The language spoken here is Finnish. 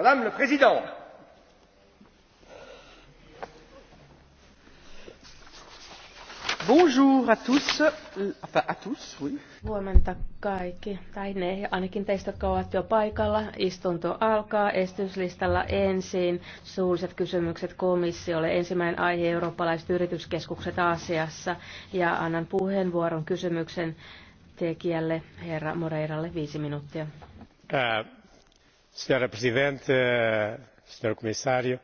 Madame la Présidente, Bonjour à tous, enfin à tous, oui. Huomenta kaikki, tai ne ainakin teistä, jotka ovat jo paikalla. Istunto alkaa esityslistalla ensin. Suulliset kysymykset komissiolle. Ensimmäinen aihe eurooppalaiset yrityskeskukset Aasiassa. Ja annan puheenvuoron kysymyksen tekijälle, herra Moreiralle, viisi minuuttia. Ää äh, signora presidente eh, senhor comissário